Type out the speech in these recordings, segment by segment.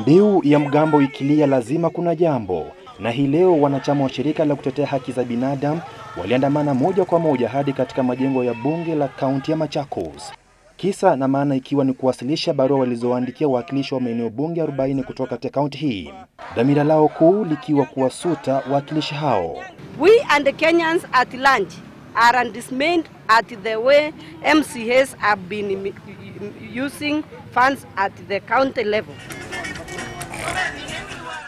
Mbiu ya mgambo ikilia lazima kuna jambo, na hii leo wanachama wa shirika la kutetea haki za binadamu waliandamana moja kwa moja hadi katika majengo ya bunge la kaunti ya Machakos, kisa na maana ikiwa ni kuwasilisha barua walizoandikia wawakilishi wa maeneo bunge 40 kutoka katika kaunti hii, dhamira lao kuu likiwa kuwasuta wawakilishi hao. We and the Kenyans at lunch are dismayed at the way MCAs have been using funds at the county level.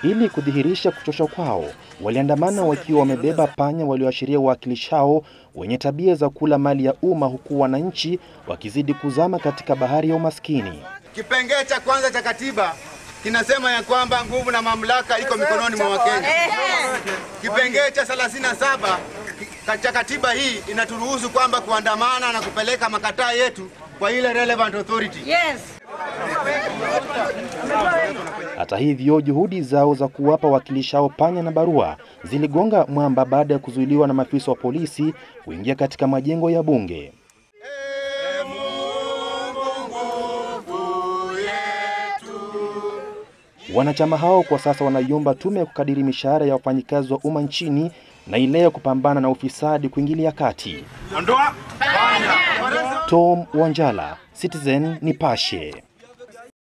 Ili kudhihirisha kuchoshwa kwao, waliandamana wakiwa wamebeba panya walioashiria wawakilishao wenye tabia za kula mali ya umma, huku wananchi wakizidi kuzama katika bahari ya umaskini. Kipengee cha kwanza cha katiba kinasema ya kwamba nguvu na mamlaka iko mikononi mwa Wakenya. Kipengee cha 37 katika katiba hii inaturuhusu kwamba kuandamana na kupeleka makataa yetu kwa ile relevant authority. Yes. Hata hivyo, juhudi zao za kuwapa wakilishao panya na barua ziligonga mwamba baada ya kuzuiliwa na maafisa wa polisi kuingia katika majengo ya bunge. Wanachama hao kwa sasa wanaiomba tume ya kukadiri mishahara ya wafanyikazi wa umma nchini na ileo kupambana na ufisadi kuingilia kati. Tom Wanjala, Citizen Nipashe.